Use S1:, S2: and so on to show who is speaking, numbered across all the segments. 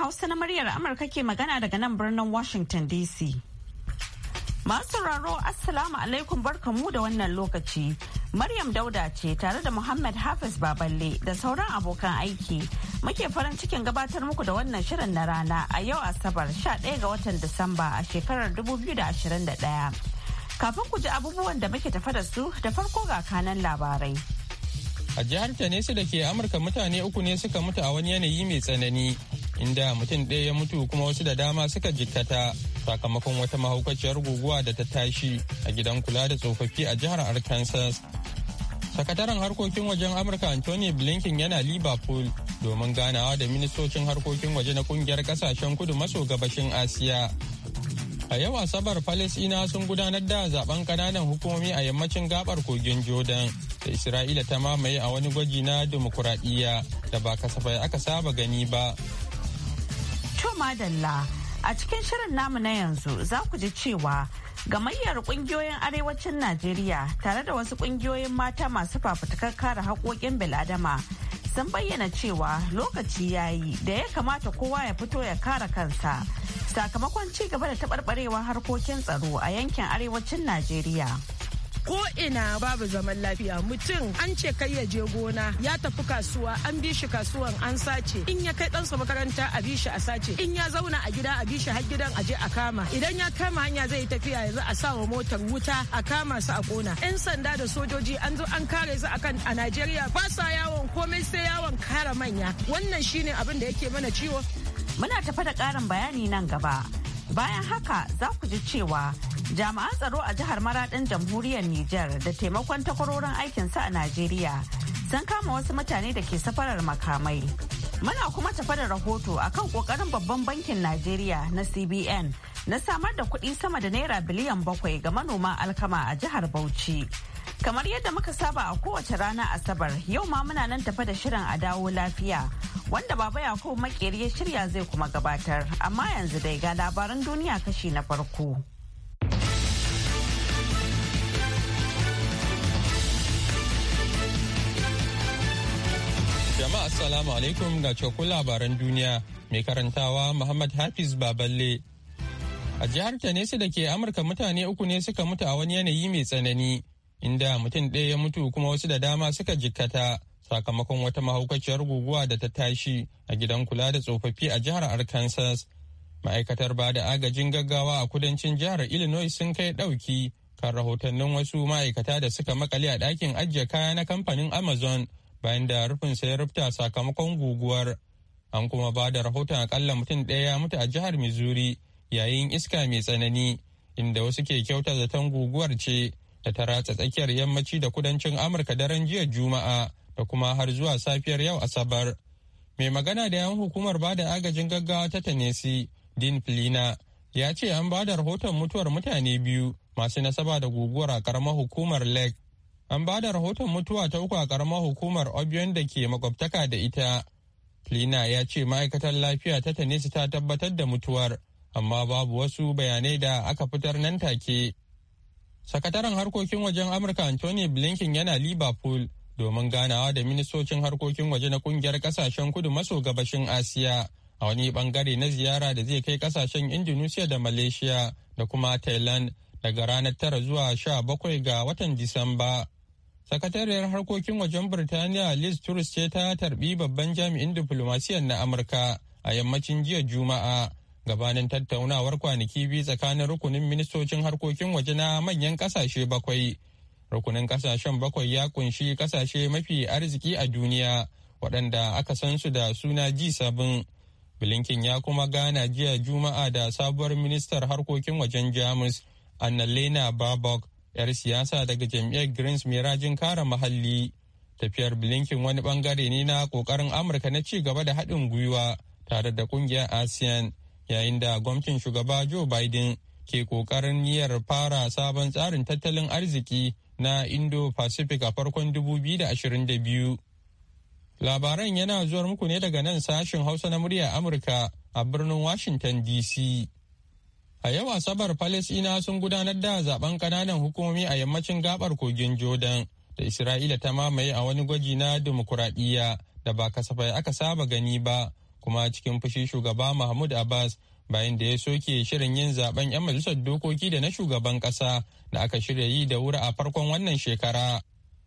S1: Hausa na muryar Amurka ke magana daga nan birnin Washington DC. Masu raro Assalamu alaikum barkamu da wannan lokaci. Maryam Dauda ce tare da Muhammad Hafiz Baballe da sauran abokan aiki. Muke farin cikin gabatar muku da wannan shirin na rana a yau Asabar 11 ga watan Disamba a shekarar 2021. Kafin ku ji abubuwan da muke tafa da su da farko ga kanan labarai.
S2: A jihar Tennessee da ke Amurka mutane uku ne suka mutu a wani yanayi mai tsanani inda mutum ɗaya ya mutu kuma wasu da dama suka jikkata sakamakon wata mahaukaciyar guguwa da ta tashi a gidan kula da tsofaffi a jihar arkansas sakataren harkokin wajen amurka anthony blinken yana liverpool domin ganawa da ministocin harkokin waje na kungiyar kasashen kudu maso gabashin asiya a yau asabar palestina sun gudanar da zaben kananan hukumomi a yammacin gabar kogin jordan da isra'ila ta mamaye a wani gwaji na dimokuraɗiyya da ba kasafai aka saba gani ba
S1: To madalla a cikin shirin namu na yanzu za ku ji cewa gamayyar kungiyoyin arewacin Najeriya tare da wasu kungiyoyin mata masu fafutukar kare haƙoƙin biladama sun bayyana cewa lokaci ya yi da ya kamata kowa ya fito ya kare kansa sakamakon ci gaba da taɓarɓarewar harkokin tsaro a yankin arewacin Najeriya. ko ina babu zaman lafiya mutum an ce
S3: kai ya je gona ya tafi kasuwa an bi shi kasuwan an sace in ya kai ɗansa makaranta a bi shi a sace in ya zauna a gida a bi shi har gidan a je a kama idan ya kama hanya zai tafiya yanzu a sawa motar wuta a kama su a kona yan sanda da sojoji an zo an kare su akan a Najeriya ba sa yawon komai sai yawon kare manya wannan shine abin da yake mana ciwo
S1: muna tafa da ƙarin bayani nan gaba bayan haka za ku ji cewa jami'an tsaro a jihar maradin jamhuriyar nijar da taimakon takwarorin aikin sa a najeriya sun kama wasu mutane da ke safarar makamai muna kuma tafa da rahoto akan kokarin babban bankin najeriya na cbn na samar da kuɗi sama da naira biliyan bakwai ga manoma alkama a jihar bauchi kamar yadda muka saba a kowace rana asabar yau ma muna nan tafa da shirin a dawo lafiya wanda baba yakubu makeri ya shirya zai kuma gabatar amma yanzu dai ga labaran duniya kashi na farko
S2: Jama'a Assalamu alaikum ga cokun labaran duniya mai karantawa Muhammad Hafiz Baballe. A jihar Tennessee da ke Amurka mutane uku ne suka mutu a wani yanayi mai tsanani inda mutum ɗaya ya mutu kuma wasu da dama suka jikkata sakamakon wata mahaukaciyar guguwa da ta tashi a gidan kula da tsofaffi a jihar Arkansas. Ma'aikatar ba da agajin gaggawa a kudancin jihar Illinois sun kai ɗauki kan rahotannin wasu ma'aikata da suka makale a ɗakin ajiye kaya na kamfanin Amazon bayan da rufin sai rufta sakamakon guguwar an kuma ba da rahoton akalla mutum ɗaya ya mutu a jihar missouri yayin iska mai tsanani inda wasu ke kyauta zaton guguwar ce da ta ratsa tsakiyar yammaci da kudancin amurka daren jiya juma'a da kuma har zuwa safiyar yau asabar mai magana da yan hukumar ba da agajin gaggawa ta tanesi din filina ya ce an ba da rahoton mutuwar mutane biyu masu nasaba da guguwar a karamar hukumar lake An ba da rahoton mutuwa ta uku a karamar hukumar Obion da ke makwabtaka da ita. Lina ya ce ma'aikatar lafiya ta Tanisi ta tabbatar da mutuwar, amma babu wasu bayanai da aka fitar nan take. Sakataren harkokin wajen Amurka Anthony Blinken yana Liverpool domin ganawa da ministocin harkokin waje na kungiyar kasashen kudu maso gabashin Asiya a wani bangare na ziyara da zai kai kasashen Indonesia da Malaysia da kuma Thailand daga ranar tara zuwa sha bakwai ga watan Disamba. Sakatariyar harkokin wajen Birtaniya Liz Truss ce ta tarbi babban jami'in diplomasiyyar na Amurka a yammacin jiya Juma'a gabanin tattaunawar kwanaki biyu tsakanin rukunin ministocin harkokin waje na manyan kasashe bakwai. Rukunin kasashen bakwai ya kunshi kasashe mafi arziki a duniya waɗanda aka san su da suna ji 7 Blinken ya kuma gana jiya Juma'a da sabuwar ministar harkokin wajen Jamus Annalena Babok. 'yar siyasa daga jam'iyyar greens mai rajin kare muhalli tafiyar blinken wani bangare ne na kokarin amurka na ci gaba da haɗin gwiwa tare da kungiyar asean yayin da gwamnatin shugaba joe biden ke kokarin niyyar fara sabon tsarin tattalin arziki na indo-pacific a farkon 2022 labaran yana zuwa muku ne daga nan sashen hausa na murya amurka a birnin washington dc A yau Asabar Falasina sun gudanar da zaben ƙananan hukumomi a yammacin gabar kogin Jordan da Isra'ila ta mamaye a wani gwaji na dimokuraɗiyya da ba kasafai aka saba gani ba kuma cikin fushi shugaba Mahmud Abbas bayan da ya soke shirin yin zaben 'yan majalisar dokoki da na shugaban ƙasa da aka shirya yi da wuri a farkon wannan shekara.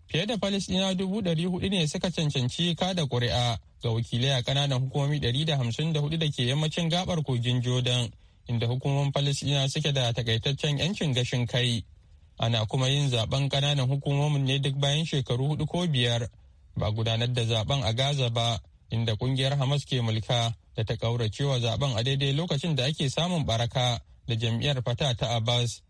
S2: Fiye da falisina dubu ɗari hudu ne suka cancanci kada ƙuri'a ga wakilai a ƙananan hukumomi ɗari da hamsin da hudu da ke yammacin gabar kogin Jordan inda hukumomin Falasɗina suke da takaitaccen 'yancin gashin kai. Ana kuma yin zaben ƙananan hukumomin ne duk bayan shekaru hudu ko biyar. Ba gudanar da zaben a Gaza ba, inda ƙungiyar Hamas ke mulka da ta ƙauracewa zaben a daidai lokacin da ake samun baraka da jam'iyyar fata ta Abbas.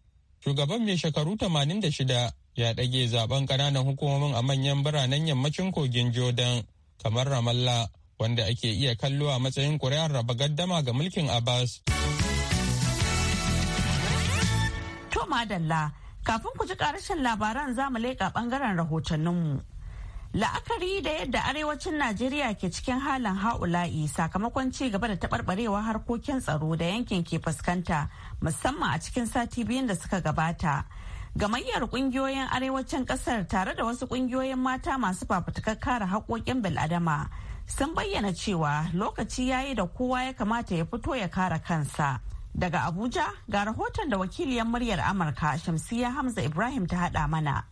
S2: Shugaban mai shekaru 86 ya ɗage zaben ƙananan hukumomin a manyan biranen yammacin kogin Jordan kamar Ramallah wanda ake iya kallo a matsayin ƙuri'ar raba gaddama ga mulkin Abbas.
S1: ma madalla kafin ku ji karashin labaran za mu leƙa ɓangaren rahotanninmu. La'akari da yadda arewacin Najeriya ke cikin halin ha'ula'i sakamakon ci gaba da taɓarɓarewa harkokin tsaro da yankin ke fuskanta musamman a cikin sati biyun da suka gabata. Gamayyar ƙungiyoyin arewacin ƙasar tare da wasu ƙungiyoyin mata masu fafutukar kare haƙoƙin bil'adama sun bayyana cewa lokaci yayi da kowa ya kamata ya fito ya kare kansa. Daga Abuja ga rahoton da wakiliyar muryar Amurka Shamsiyya Hamza Ibrahim ta haɗa mana.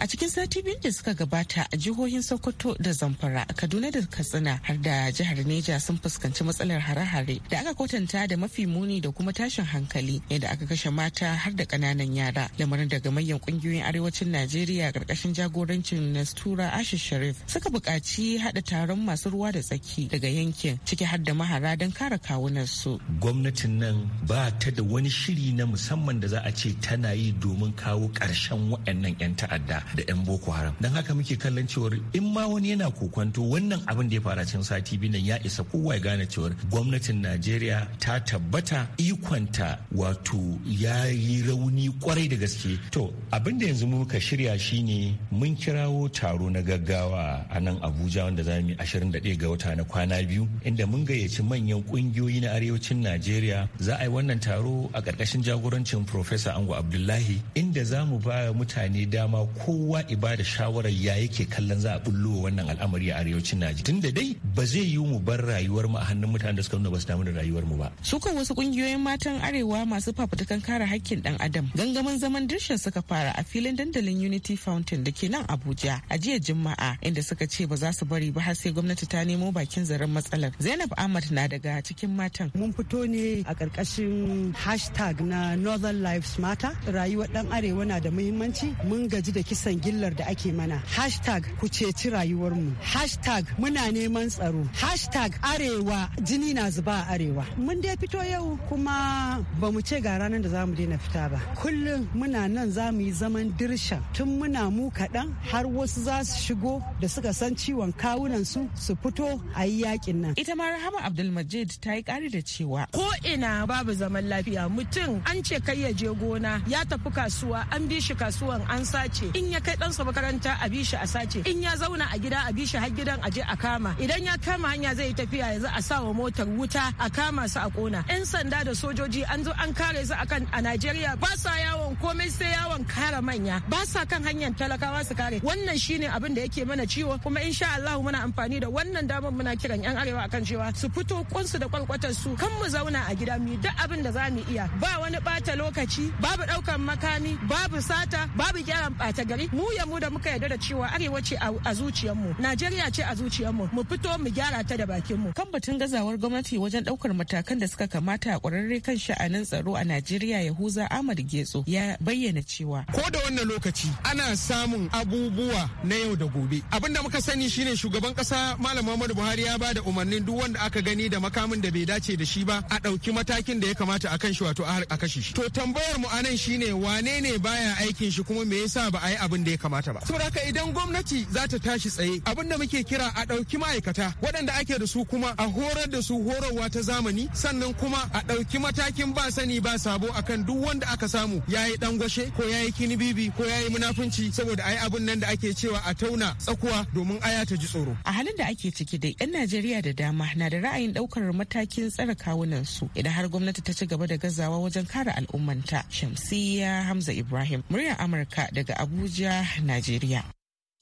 S4: a cikin sati biyu da suka gabata a jihohin sokoto da zamfara kaduna da katsina har da jihar neja sun fuskanci matsalar hare-hare da aka kwatanta da mafi muni da kuma tashin hankali yadda aka kashe mata har da kananan yara lamarin daga manyan ƙungiyoyin arewacin najeriya karkashin jagorancin nastura ashish sharif suka buƙaci haɗa taron masu ruwa da tsaki daga yankin ciki har da mahara don kare
S5: kawunansu gwamnatin nan ba ta da wani shiri na musamman da za a ce tana yi domin kawo ƙarshen waɗannan 'yan ta'adda da 'yan boko haram don haka muke kallon cewar in ma wani yana kokwanto wannan abin da ya fara cikin sati biyu nan ya isa kowa ya gane cewar gwamnatin najeriya ta tabbata ikonta wato ya yi rauni kwarai da gaske to abin da yanzu muka shirya shine mun kirawo taro na gaggawa a nan abuja wanda za mu yi 21 ga wata na kwana biyu inda mun gayyaci manyan kungiyoyi na arewacin najeriya za a yi wannan taro a ƙarƙashin jagorancin profesa ango abdullahi inda za mu ba mutane dama ko kowa ibada shawarar ya yake kallon za a bullo wannan al'amari a arewacin Najeriya tun da dai ba zai yi mu bar rayuwar mu a hannun mutanen da suka nuna ba su damu da rayuwar mu ba
S4: su kan wasu kungiyoyin matan arewa masu fafutukan kare hakkin dan adam gangamin zaman dirshin suka fara a filin dandalin Unity Fountain da ke nan Abuja a jiya Juma'a inda suka ce ba za su bari ba har sai gwamnati ta nemo bakin zaren matsalar Zainab Ahmad na daga cikin matan mun fito ne a ƙarƙashin hashtag na Northern Lives Matter rayuwar dan arewa na da muhimmanci mun gaji da kisa bisan gillar da ake mana hashtag ku ceci rayuwarmu hashtag muna neman tsaro hashtag arewa jini na zuba a arewa mun dai fito yau kuma ba mu ce ga ranar da za mu daina fita ba kullum muna nan za mu yi zaman dirsha tun muna mu kaɗan har wasu za su shigo da suka san ciwon kawunan su su fito a yi yakin nan ita ma rahama abdulmajid ta yi
S3: ƙari da cewa ko ina babu zaman lafiya mutum an ce kai ya je gona ya tafi kasuwa an bi shi kasuwan an sace in ya kai ɗansa makaranta a bishi a sace in ya zauna a gida a bishi har gidan aje a kama idan ya kama hanya zai tafiya yanzu a sawa motar wuta a kama su a kona yan sanda da sojoji an zo an kare su akan a Najeriya ba sa yawon komai sai yawon kare manya ba sa kan hanyar talakawa su kare wannan shine abin da yake mana ciwo kuma insha Allah muna amfani da wannan damar muna kiran yan arewa akan cewa su fito kunsu da kwalkwatar su kan mu zauna a gida mu duk abin da zamu iya ba wani bata lokaci babu daukan makami babu sata babu gyaran bata gari gari mu ya da muka yarda da cewa arewa ce a zuciyarmu
S4: najeriya ce a zuciyarmu mu fito mu gyara ta da bakinmu kan batun gazawar gwamnati wajen daukar matakan da suka kamata a kwararre kan sha'anin tsaro a najeriya yahuza ahmad getso ya bayyana cewa
S6: ko da wannan lokaci ana samun abubuwa na yau da gobe abin da muka sani shine shugaban kasa malam muhammadu buhari ya bada umarnin duk wanda aka gani da makamin da bai dace da shi ba a dauki matakin da ya kamata a kan shi wato a kashe shi to tambayar mu anan shine wane ne baya aikin shi kuma me yasa ba a yi abin da ya kamata ba saboda haka idan gwamnati za ta tashi tsaye abin da muke kira a ɗauki ma'aikata waɗanda ake da su kuma a horar da su horarwa ta zamani sannan kuma a ɗauki matakin ba sani ba sabo akan duk wanda aka samu ya yi ɗan gwashe ko ya yi kinibibi ko ya yi munafunci saboda a yi abin nan da ake cewa a tauna tsakuwa domin aya ta ji tsoro
S4: a halin da ake ciki dai 'yan najeriya da dama na da ra'ayin ɗaukar matakin tsare kawunan su idan har gwamnati ta ci gaba da gazawa wajen kare al'ummanta shamsiyya hamza ibrahim murya amurka daga abuja Abuja, Najeriya.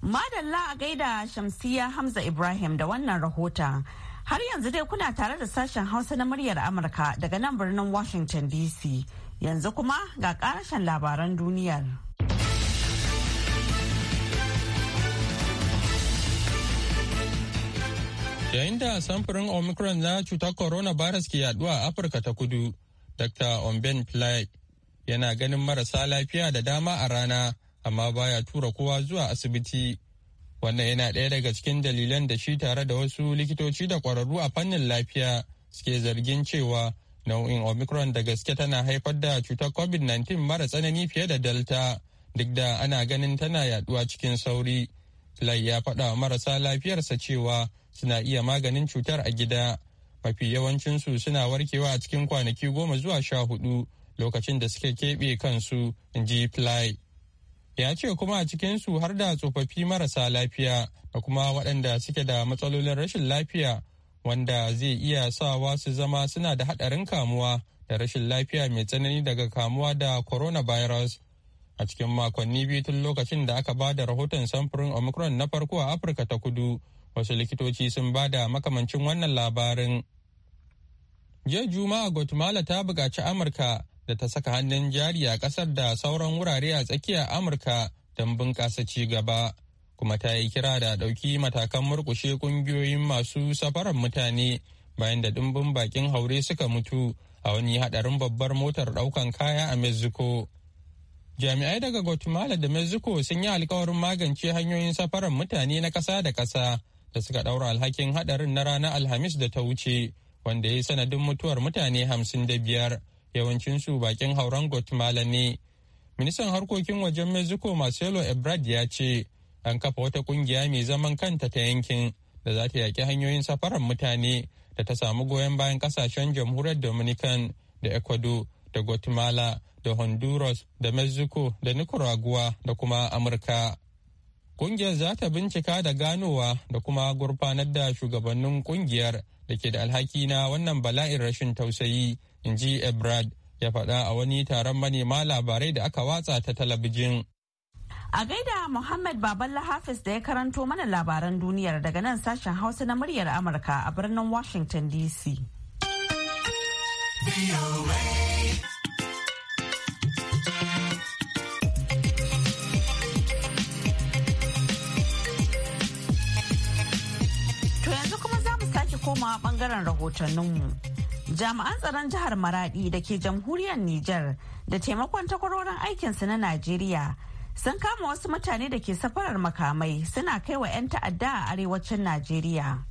S1: Madalla a gaida Shamsiya Hamza Ibrahim da wannan rahota Har yanzu dai kuna tare da sashen Hausa na muryar Amurka daga nan birnin Washington DC. Yanzu kuma ga karashen labaran duniyar.
S2: Yayin da samfurin Omicron na cutar coronavirus ke yaduwa a Afirka ta kudu, Dr. Omben Pillay yana ganin marasa lafiya da dama a rana amma baya tura kowa zuwa asibiti wannan yana ɗaya daga cikin dalilan da shi tare da wasu likitoci da ƙwararru a fannin lafiya suke zargin cewa nau'in omicron da gaske tana haifar da cutar covid-19 mara tsanani fiye da delta duk da ana ganin tana yaduwa cikin sauri lai ya faɗa wa marasa lafiyarsa cewa suna iya maganin cutar a gida mafi yawancinsu suna warkewa a cikin kwanaki goma zuwa sha hudu lokacin da suke keɓe kansu in ji fly ya ce kuma a cikinsu har da tsofaffi marasa lafiya da kuma waɗanda suke da matsalolin rashin lafiya wanda zai iya sawa su zama suna da haɗarin kamuwa da rashin lafiya mai tsanani daga kamuwa da coronavirus a cikin makonni biyu tun lokacin da aka ba da rahoton samfurin omicron na farko a afirka ta kudu wasu likitoci sun ba da makamancin wannan labarin jiya juma'a guatemala ta buƙaci amurka da ta saka hannun jari a ƙasar da sauran wurare a tsakiyar amurka don bunƙasa ci gaba kuma ta yi kira da ɗauki matakan murƙushe ƙungiyoyin masu safarar mutane bayan da ɗimbin bakin haure suka mutu a wani haɗarin babbar motar ɗaukan kaya a mexico jami'ai daga guatemala da mexico sun yi alkawarin magance hanyoyin safarar mutane na ƙasa da ƙasa da suka ɗaura alhakin haɗarin na ranar alhamis da ta wuce wanda ya yi sanadin mutuwar mutane hamsin da biyar yawancinsu bakin hauren guatemala ne ministan harkokin wajen mexico marcelo ebrard ya ce an kafa wata kungiya mai zaman kanta ta yankin da za ta yaƙi hanyoyin safarar mutane da ta samu goyon bayan kasashen jamhuriyar dominican da ecuador da guatemala da honduras da mexico da nicaragua da kuma amurka kungiyar za ta bincika da ganowa da kuma gurfanar da shugabannin kungiyar da ke da alhaki na wannan bala'in rashin tausayi in ji ebrard ya faɗa a wani taron manema labarai da aka watsa ta talabijin
S1: a gaida muhammad baballa hafiz da ya karanto mana labaran duniyar daga nan sashen hausa na muryar amurka a birnin washington dc To yanzu kuma za mu sake komawa bangaren rahotanninmu. jami'an tsaron jihar maradi da ke jamhuriyar Nijar da taimakon takwarorin aikinsu na najeriya sun kama wasu mutane da ke safarar makamai suna kai wa 'yan ta'adda a arewacin najeriya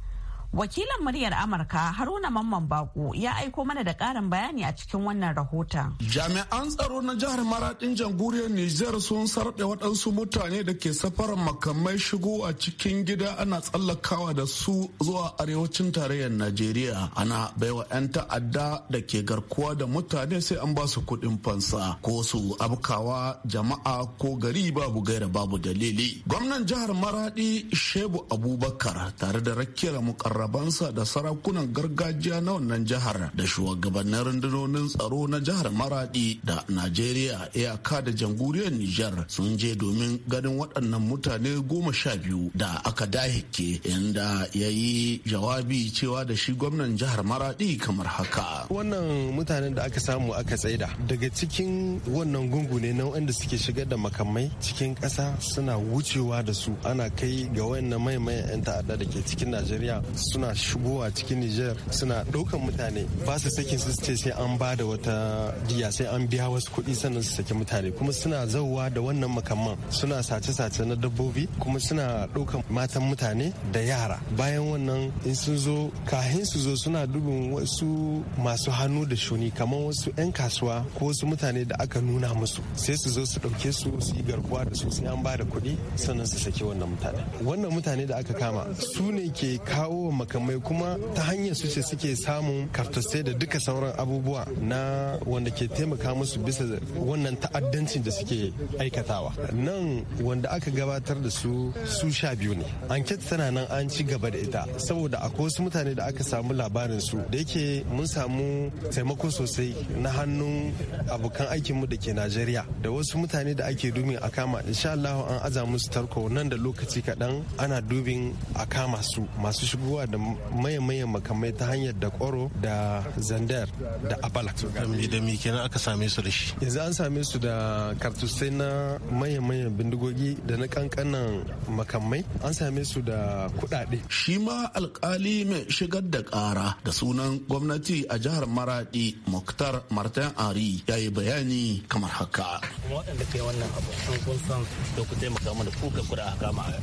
S1: wakilan muryar Amurka Haruna Mamman Bako ya aiko mana da ƙarin bayani a cikin wannan rahoton.
S7: Jami'an tsaro na jihar Maradin jamhuriyar Nijar sun sarɗe waɗansu mutane da ke safarar makamai shigo a cikin gida ana tsallakawa da su zuwa arewacin tarayyar Najeriya. Ana baiwa 'yan ta'adda da ke garkuwa da mutane sai an ba su kuɗin fansa ko su abkawa jama'a ko gari babu gaira babu dalili. Gwamnan jihar maraɗi Shebu Abubakar tare da rakiyar mukarra rabansa da sarakunan gargajiya na wannan jihar da shugabannin rundunonin tsaro na jihar maradi da najeriya iyaka da jamhuriyar nijar sun je domin ganin waɗannan mutane goma sha biyu da aka
S8: dahike inda ya yi jawabi cewa da shi gwamnan jihar maradi kamar haka wannan mutanen da aka samu aka tsaida daga cikin wannan gungu ne na wanda suke shigar da makamai cikin ƙasa suna wucewa da su ana kai ga wannan maimai 'yan ta'adda da ke cikin najeriya suna shigowa cikin Nijar suna ɗaukan mutane ba su sakin su ce sai an ba da wata jiya sai an biya wasu kuɗi sannan su saki mutane kuma suna zauwa da wannan makaman suna sace-sace na dabbobi kuma suna ɗaukan matan mutane da yara bayan wannan in sun zo kahin su zo suna dubin wasu masu hannu da shuni kamar wasu 'yan kasuwa ko wasu mutane da aka nuna musu sai su zo su ɗauke su su yi garkuwa da su sai an ba da kuɗi sannan su saki wannan mutane wannan mutane da aka kama su ne ke kawo wa. makamai kuma ta hanyar su ce suke samun kartosai da duka sauran abubuwa na wanda ke taimaka musu bisa wannan ta'addancin da suke aikatawa nan wanda aka gabatar da su su sha biyu ne anket tana nan an ci gaba da ita saboda akwai wasu mutane da aka samu labarin su da yake mun samu taimako sosai na hannun abokan aikinmu da ke najeriya da wasu mutane da ake dubin a kama insha Allah an aza musu tarko nan da lokaci kaɗan ana dubin a kama su masu shigowa da maye maye makamai ta hanyar da kwaro da zandar da abala da mi kenan aka same su da shi yanzu an same su da kartusai na maye bindigogi da na kankanan makamai an same su da kudade shi ma alkali mai shigar da kara da sunan gwamnati a jihar
S7: maradi muktar martin ari ya yi bayani kamar haka
S5: waɗanda kai wannan abu sun kun san da ku taimaka mana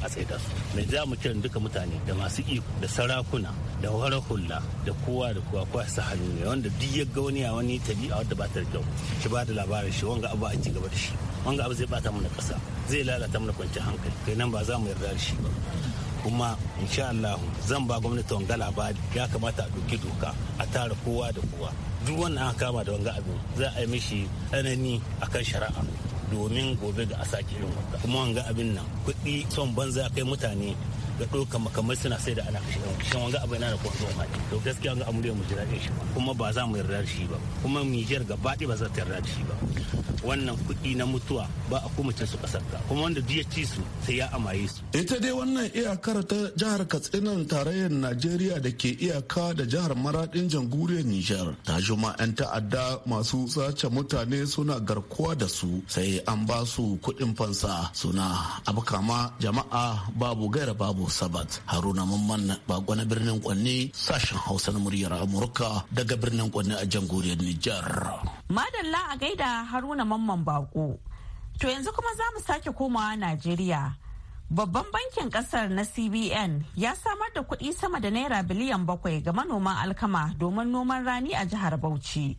S5: a a mai za mu kiran duka mutane da masu iko da sarakuna da wara hula da kowa da kowa kowa su hannu ne wanda duk ya ga wani a wani tabi'a wadda ba ta da kyau shi ba da labarin shi wanga abu a ci gaba da shi wanga abu zai bata mana kasa zai lalata mana kwanciyar hankali kai nan ba za mu yarda da shi ba kuma insha Allah zan ba gwamnati wanga labari ya kamata a ɗauki doka a tara kowa da kowa duk wannan aka kama da wanga abu za a yi mishi tsanani akan shari'a domin gobe ga a sake yin wata kuma wanga abin nan kuɗi son banza kai mutane ga ɗauka makamai suna sai da ana kashe yan shin wanga abin da kuma zuwa mai to gaskiya wanga amuriyar mu jira shi kuma ba za mu yarda da shi ba kuma mijiyar gaba ɗaya ba za ta yarda da shi ba wannan kuɗi na mutuwa ba a kuma su ƙasar ka kuma wanda duk ya ci su sai ya amaye su.
S7: ita dai wannan iyakar ta jihar katsinan tarayyar najeriya da ke iyaka da jihar maraɗin janguriyar nijar ta juma 'yan ta'adda masu sace mutane suna garkuwa da su sai an ba su kuɗin fansa suna abu jama'a babu gaira babu sabat haruna mamman bako na birnin kwanne sashen hausa na muryar amurka daga birnin kwanne a jamhuriyar nijar.
S1: Madalla a gaida Haruna Mamman Bako. To yanzu kuma za mu sake komawa Najeriya. Babban bankin kasar na CBN ya samar da kuɗi sama da naira biliyan bakwai ga manoman alkama domin noman rani a jihar Bauchi.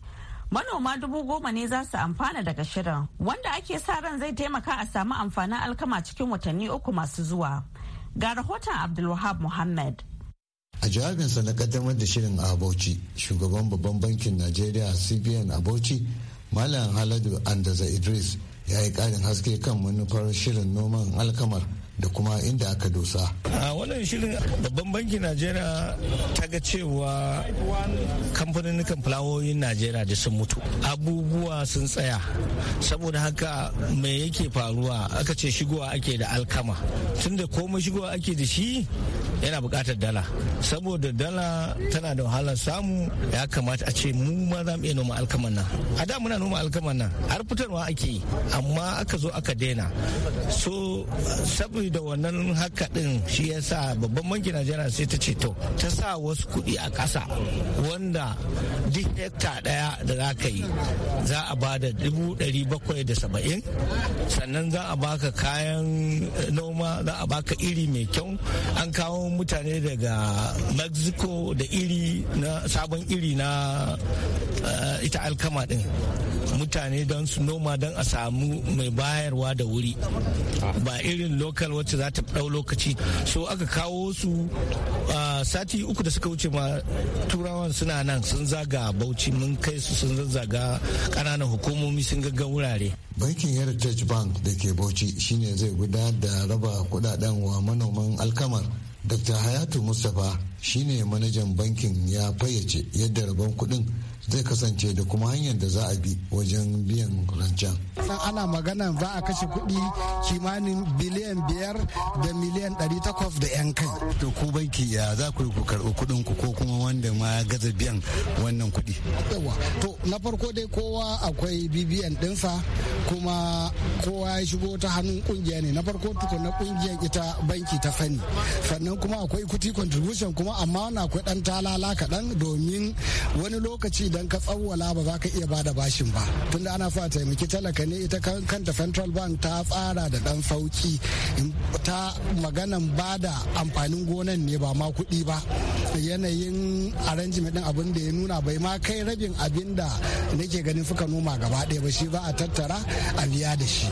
S1: Manoma dubu goma ne za su amfana daga shirin wanda ake sa ran zai taimaka a samu amfanin alkama cikin watanni uku masu zuwa. Ga rahoton Abdulwahab Muhammad.
S9: a jawabinsa na kaddamar da shirin a bauchi shugaban babban bankin najeriya cbn a bauchi malam haladu andaza idris ya yi karin haske kan manufar shirin noman alkamar da kuma inda aka dosa.
S5: A wannan shirin babban bankin Najeriya ta ga cewa kamfanin fulawoyin Najeriya da sun mutu. Abubuwa sun tsaya. Saboda haka me yake faruwa aka ce shigowa ake da alkama. Tunda komai shigowa ake da shi yana bukatar dala. Saboda dala tana da wahalar samu ya kamata a ce mu ma za mu iya noma alkaman nan. A da muna noma alkaman nan har fitarwa ake yi amma aka zo aka daina. So saboda da wannan haka din shi ya sa babban banki najeriya sai ta ce to ta sa wasu kuɗi a ƙasa wanda duk hekta ɗaya da za ka yi za a ba da dubu ɗari bakwai da saba'in sannan za a baka kayan eh, noma za a baka iri mai kyau an kawo mutane daga mexico da iri na sabon iri na eh, ita alkama din mutane don su noma don a samu mai bayarwa da wuri ba irin local wacce za ta ɗau lokaci so aka kawo su sati uku da suka wuce ma turawan suna nan sun zaga bauchi
S9: mun kai su sun zaga ƙananan hukumomi sun gaggan wurare bankin heritage bank da ke bauchi shine zai gudanar da raba kudaden wa manoman alkamar dr hayatu mustapha shine manajan bankin ya fayyace yadda rabon kudin zai kasance da kuma hanyar da za a bi wajen biyan rancen. ana magana za a kashe kuɗi kimanin biliyan biyar da miliyan ɗari takwas da yan kai. to ku banki ya za ku ku karɓi kuɗin ku ko kuma wanda ma ya gaza biyan wannan kuɗi. to na farko dai kowa akwai bibiyan ɗinsa kuma kowa ya shigo ta hannun kungiya ne na farko tukun na kungiyar ita banki ta fani sannan kuma akwai kuti contribution kuma amma wani akwai dan talala kaɗan domin wani lokaci idan ka tsawwala ba za ka iya bada bashin ba tunda ana sa taimaki talaka ne ita kanta central bank ta tsara da dan sauki ta maganan bada amfanin gonan ne ba ma kuɗi ba yanayin arrangement din abin da ya nuna bai ma kai rabin abinda da nake ganin suka noma gaba ɗaya ba shi ba a tattara a biya da shi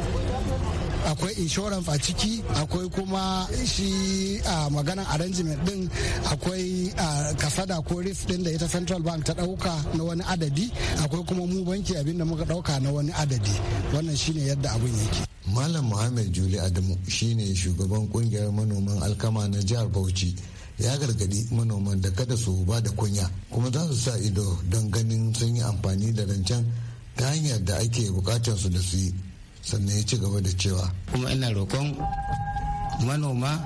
S9: akwai insurance a ciki akwai kuma shi a maganan arrangement din akwai kasada ko risk din da ita central bank ta dauka na wani adadi akwai kuma mu banki abin da muka dauka na wani adadi wannan shine yadda abin yake malam muhammad juli adamu shine shugaban kungiyar manoman alkama na jihar bauchi ya gargadi manoman da kada su ba da kunya kuma za su sa ido don ganin sun yi amfani da rancen ta hanyar da ake bukatar su da su yi sannan ya ci gaba da cewa kuma ina roƙon manoma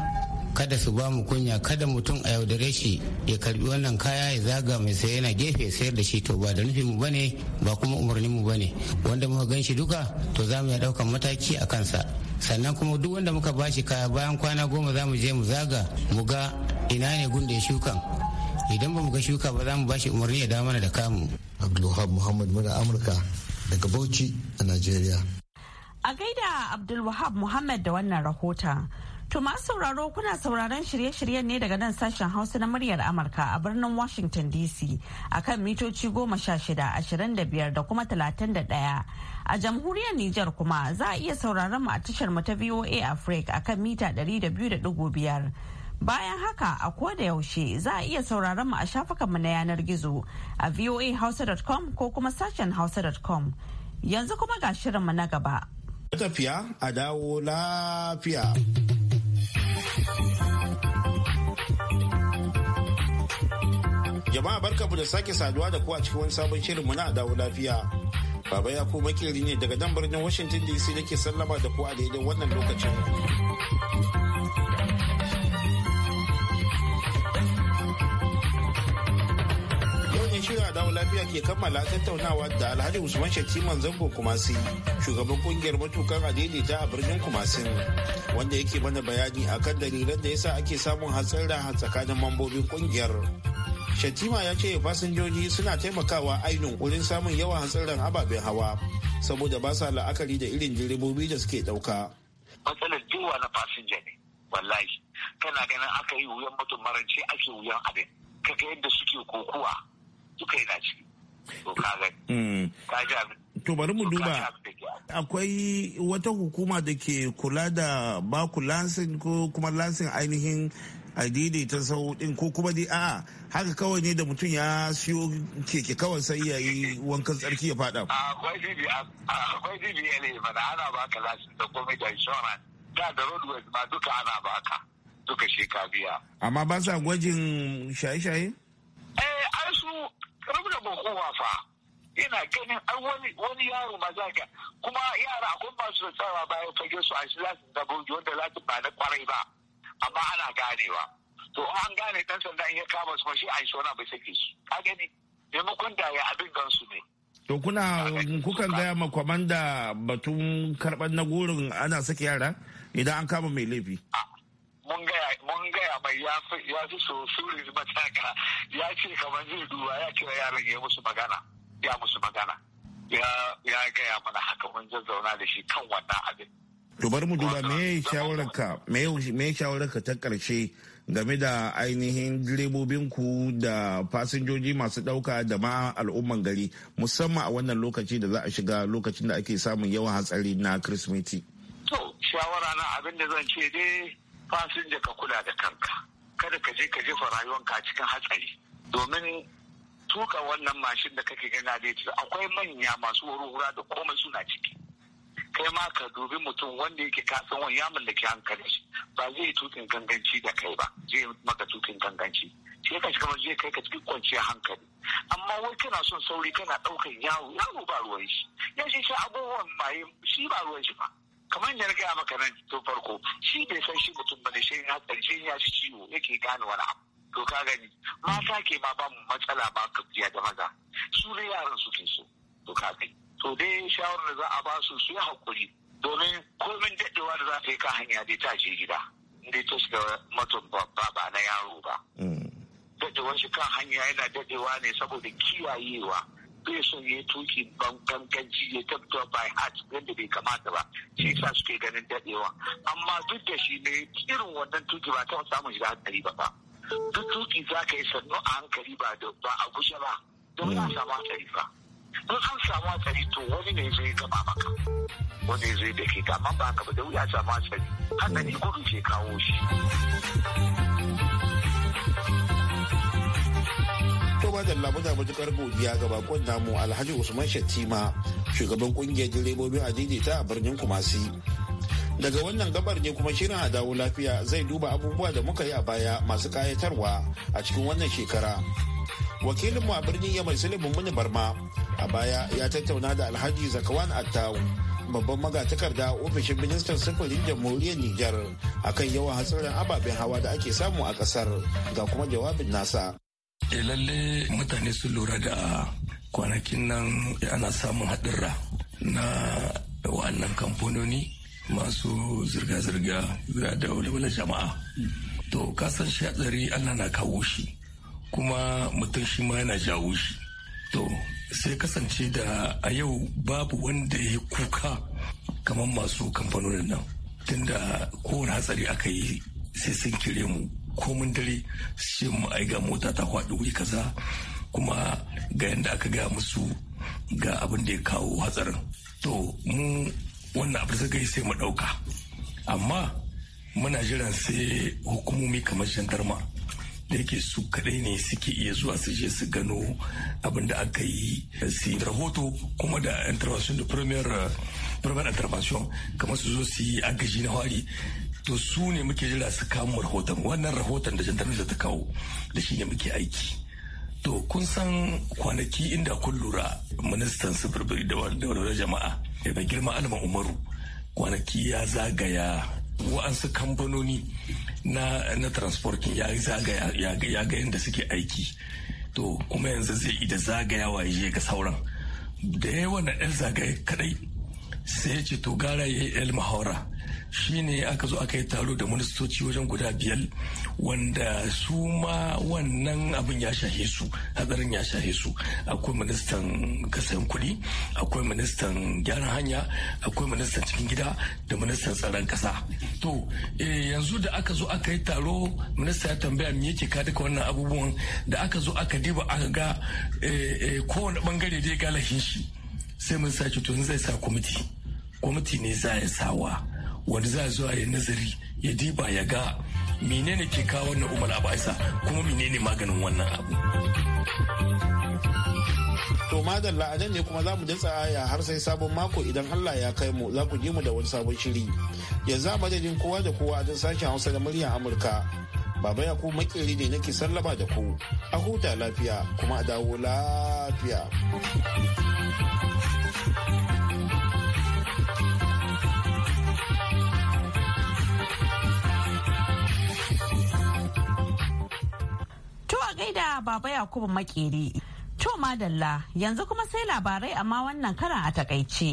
S9: kada su ba mu kunya
S5: kada mutum a yaudare shi ya karbi wannan kaya ya zaga mai sai yana gefe sayar da shi to ba da nufin mu bane ba kuma umarnin mu bane wanda muka gan shi duka to za mu ya daukan mataki a kansa sannan kuma duk wanda muka bashi kaya bayan kwana goma za mu je mu zaga mu ga ina ne gunda ya shukan idan ba mu ga shuka ba za mu bashi umarni ya dama da kamu
S9: abdulwahab muhammad muna amurka daga bauchi a najeriya
S1: a gaida abdulwahab muhammad da wannan rahota To masu sauraro kuna sauraron shirye-shiryen ne daga nan sashen Hausa na muryar Amurka a birnin Washington DC a kan mitoci goma sha shida ashirin da biyar da kuma talatin da ɗaya. A jamhuriyar Nijar kuma za a iya sauraron mu a tashar mu ta VOA Africa a kan mita ɗari da biyu da ɗigo biyar. Bayan haka a koda yaushe za a iya sauraron mu a shafukanmu na yanar gizo a voahausa.com ko kuma sashen hausa.com. Yanzu kuma ga shirinmu na gaba.
S6: Tafiya a dawo lafiya. Jama'a barkamu da sake saduwa da kuwa cikin wani sabon shirinmu na dawo lafiya. Baba ya ku makeri ne daga nan birnin Washington DC nake sallama da ku a daidai wannan lokacin. dawo lafiya ke kammala tattaunawa da alhaji usman shakiman zango kumasi shugaban kungiyar matukan adaidaita a birnin kumasin wanda yake mana bayani akan dalilan da yasa ake samun hatsarra tsakanin mambobin kungiyar shatima ya ce fasinjoji suna taimakawa ainihin wurin samun yawan hatsarin ababen hawa saboda ba sa la'akari da irin direbobi da suke dauka
S10: matsalar jiwa na fasinja ne wallahi kana ganin aka yi wuyan mutum maranci ake wuyan abin kaga yadda suke kokuwa duka yana ciki
S6: to mm. abin to bari mu duba akwai wata hukuma da ke kula da baku lansin ko kuma lansin ainihin adidi ta sau din ko kuma dai a'a haka kawai ne da mutum ya siyo keke kawai sai ya yi wankan tsarki ya fada
S10: akwai dba ne ba da ana baka lansin da kuma da insurance da da roadways ba duka ana baka duka shi ka biya
S6: amma ba sa gwajin shaye-shaye
S10: eh ai su rubda fa ina ganin ai wani wani yaro ma zaka kuma yara akwai masu da tsawa bayan fage su a shi za su dabogi wanda za su ba na kwarai ba amma ana ganewa to an gane dan sanda in ya kama su shi a shi wani abu sake su ka gani maimakon da ya abin
S6: gansu ne to kuna kukan gaya ma kwamanda batun karɓar na gurin ana sake yara idan an kama mai laifi. mun gaya mai ya fi so suri
S10: mataka ya ce kamar zai duba ya kira yaran ya musu magana ya musu magana ya gaya mana haka mun zazzauna da shi kan wannan abin
S6: to bari mu duba me shawararka me shawararka ta karshe game da ainihin ku da fasinjoji masu ɗauka da ma al'umman gari musamman a wannan lokaci da za a shiga lokacin da ake samun yawan hatsari na kirsimeti.
S10: To, shawara na abin da zan ce dai fasinja ka kula da kanka kada ka je ka jefa rayuwanka cikin hatsari domin tuka wannan mashin da kake gana da akwai manya masu hurhura da komai suna ciki kai ma ka dubi mutum wanda yake kasan wani ya mallaki hankali shi ba zai tukin ganganci da kai ba zai maka tukin ganganci sai ka shiga zai kai ka cikin kwanciyar hankali amma wai kana son sauri kana ɗaukan yawo yawo ba ruwan shi yanzu shi abubuwan maye shi ba ruwan shi ba kamar yadda na gaya maka nan to farko shi bai san shi mutum bane shi na karshe ya ci ciwo yake gane wani abu to ka gani mata ke ma ba mu matsala ba biya da maza su ne yaran suke so to ka gani to dai shawarar da za a ba su su yi hakuri domin komin daɗewa da za ta yi kan hanya dai ta je gida dai ta shiga mata babba ba na yaro ba mm. daɗewar shi kan hanya yana daɗewa ne saboda kiyayewa bai son ya tuki ganganci ya tabbatar by heart wanda bai kamata ba shi sa suke ganin dadewa amma duk da shi ne irin wannan tuki ba ta samun da hankali ba ba duk tuki za ka yi sannu a hankali ba a guje ba don ya samu hankali ba in an samu hatsari to wani ne zai gaba maka wani zai da ke kama ba ka ba da wuya samu hatsari hatsari gudun ya kawo shi
S6: madalla muna matukar godiya ga bakon namu Alhaji Usman Shattima shugaban kungiyar direbobin adidita a birnin Kumasi. Daga wannan gabar ne kuma shirin a dawo lafiya zai duba abubuwa da muka yi a baya masu kayatarwa a cikin wannan shekara. Wakilinmu a birnin Yamai Sulemin Muni Barma a baya ya tattauna da Alhaji Zakawan Attawu babban magatakarda ofishin ministan sufurin jamhuriyar Nijar akan yawan hatsarin ababen hawa da ake samu a kasar ga kuma jawabin nasa.
S11: E lalle mutane sun lura da kwanakin nan ana samun haɗurra na wannan kamfanoni masu zirga-zirga da walwalar jama'a. To kasan shi hatsari Allah na kawo shi kuma mutum shi ma yana jawo shi. To sai kasance da a yau babu wanda ya kuka kamar masu kamfanonin nan tunda kowane hatsari aka yi sai sun kire mu. komin dare su ce mu ai ga mota ta kwaɗi wuri kaza kuma ga yadda aka gaya musu ga abin da ya kawo hatsarin to mu wannan abu da sai mu ɗauka amma muna jiran sai hukumomi kamar shantarma da yake su kaɗai ne suke iya zuwa su je su gano abin da aka yi su rahoto kuma da intervention da eh, premier intervention kamar su zo su yi agaji na hari to su ne muke jira su kawo rahoton wannan rahoton da da ta kawo da shi ne muke aiki to kun san kwanaki inda kun lura ministan sufuri da walwalar jama'a da girma alma umaru kwanaki ya zagaya wa'ansu kamfanoni na na transportin ya zagaya ya ga yadda suke aiki to kuma yanzu zai yi da zagayawa ya je ga sauran da yawan na ɗan zagaya kadai sai ya ce to gara ya yi el muhawara shine aka zo aka yi taro da ministoci wajen guda biyar wanda su ma wannan abin ya shahe su hatsarin ya shahe su akwai ministan kasan kuɗi akwai ministan gyaran hanya akwai ministan cikin gida da ministan tsaron kasa to eh, yanzu da aka zo aka yi taro minista ya tambaya me yake ka duka wannan abubuwan da aka zo aka diba aka ga eh, eh, kowane bangare dai galahin shi sai mun sake to zai sa kwamiti kwamiti ne za ya sawa wanda za a zuwa ya nazari ya diba ya ga menene ke kawo wannan umar abasa kuma menene maganin wannan abu to
S6: madalla a nan ne kuma za mu ji aya har sai sabon mako idan Allah ya kai mu za ku ji mu da wani sabon shiri yanzu a madadin kowa da kowa a jin sashen hausa da muryar amurka baba ya ku makeri ne nake sallaba da ku a huta lafiya kuma a dawo lafiya
S1: da Baba Yakubu Makeri. To madalla yanzu kuma sai labarai amma wannan karan a takaice.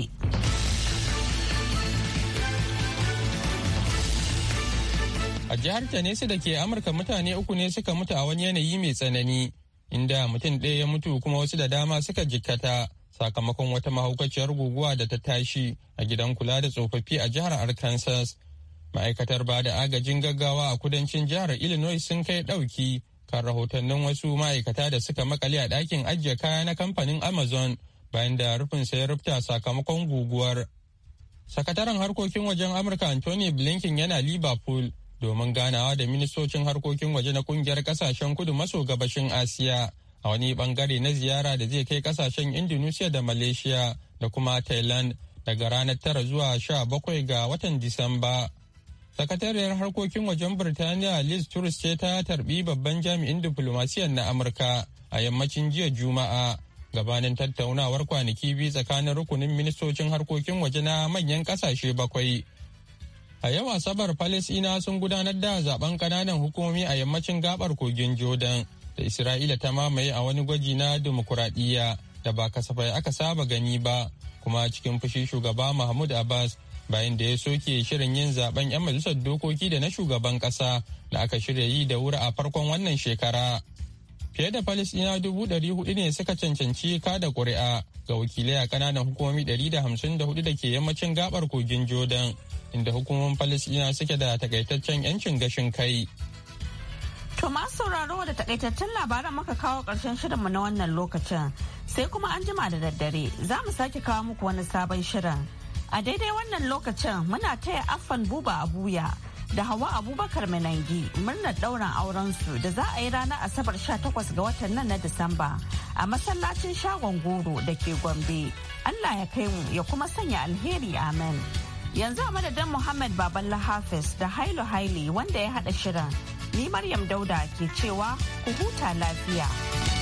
S2: A jihar Tennessee da ke Amurka mutane uku ne suka mutu a wani yanayi mai tsanani inda mutum ɗaya ya mutu kuma wasu da dama suka jikkata sakamakon wata mahaukaciyar guguwa da ta tashi a gidan kula da tsofaffi a jihar Arkansas. Ma'aikatar ba da agajin gaggawa a kudancin jihar Illinois sun kai ɗauki kan rahotannin wasu ma'aikata da suka makale a ɗakin ajiye kaya na kamfanin amazon bayan da rufin sai rufta sakamakon guguwar sakataren harkokin wajen amurka anthony blinken yana liverpool domin ganawa da ministocin harkokin waje na kungiyar kasashen kudu maso gabashin asiya a wani bangare na ziyara da zai kai kasashen indonesia da malaysia da kuma thailand daga ranar tara zuwa sha bakwai ga watan disamba sakatariyar harkokin wajen birtaniya liz truss ce ta tarbi babban jami'in diflomasiyan na amurka a yammacin jiya juma'a gabanin tattaunawar kwanaki biyu tsakanin rukunin ministocin harkokin waje na manyan kasashe bakwai a yau asabar palestina sun gudanar da zaben kananan hukumomi a yammacin gabar kogin jordan da isra'ila ta mamaye a wani gwaji na dimokuraɗiyya da ba kasafai aka saba gani ba kuma cikin fushi shugaba mahmud abbas bayan da ya soke shirin yin zaben 'yan majalisar dokoki da na shugaban kasa da aka shirya yi da wuri a farkon wannan shekara fiye da falisdina dubu ɗari hudu ne suka cancanci kada ƙuri'a ga wakilai a ƙananan hukumomi ɗari da hamsin da hudu da ke yammacin gabar kogin jordan inda hukumomin falisdina suke da takaitaccen yancin gashin kai
S1: To masu sauraro da takaitaccen labaran muka kawo ƙarshen shirinmu na wannan lokacin sai kuma an jima da daddare za mu sake kawo muku wani sabon shirin. A daidai wannan lokacin muna taya Afan Buba Abuya da Hawa Abubakar Menangi murnar ɗaurin aurensu da za a yi ranar Asabar 18 ga watan nan na Disamba a masallacin shagon goro da ke Gombe. Allah ya kai mu ya kuma sanya alheri amen. Yanzu a madadin Muhammad baban lahafis da Hailu Haili wanda ya haɗa shirin. Ni Maryam Dauda ke cewa ku huta lafiya.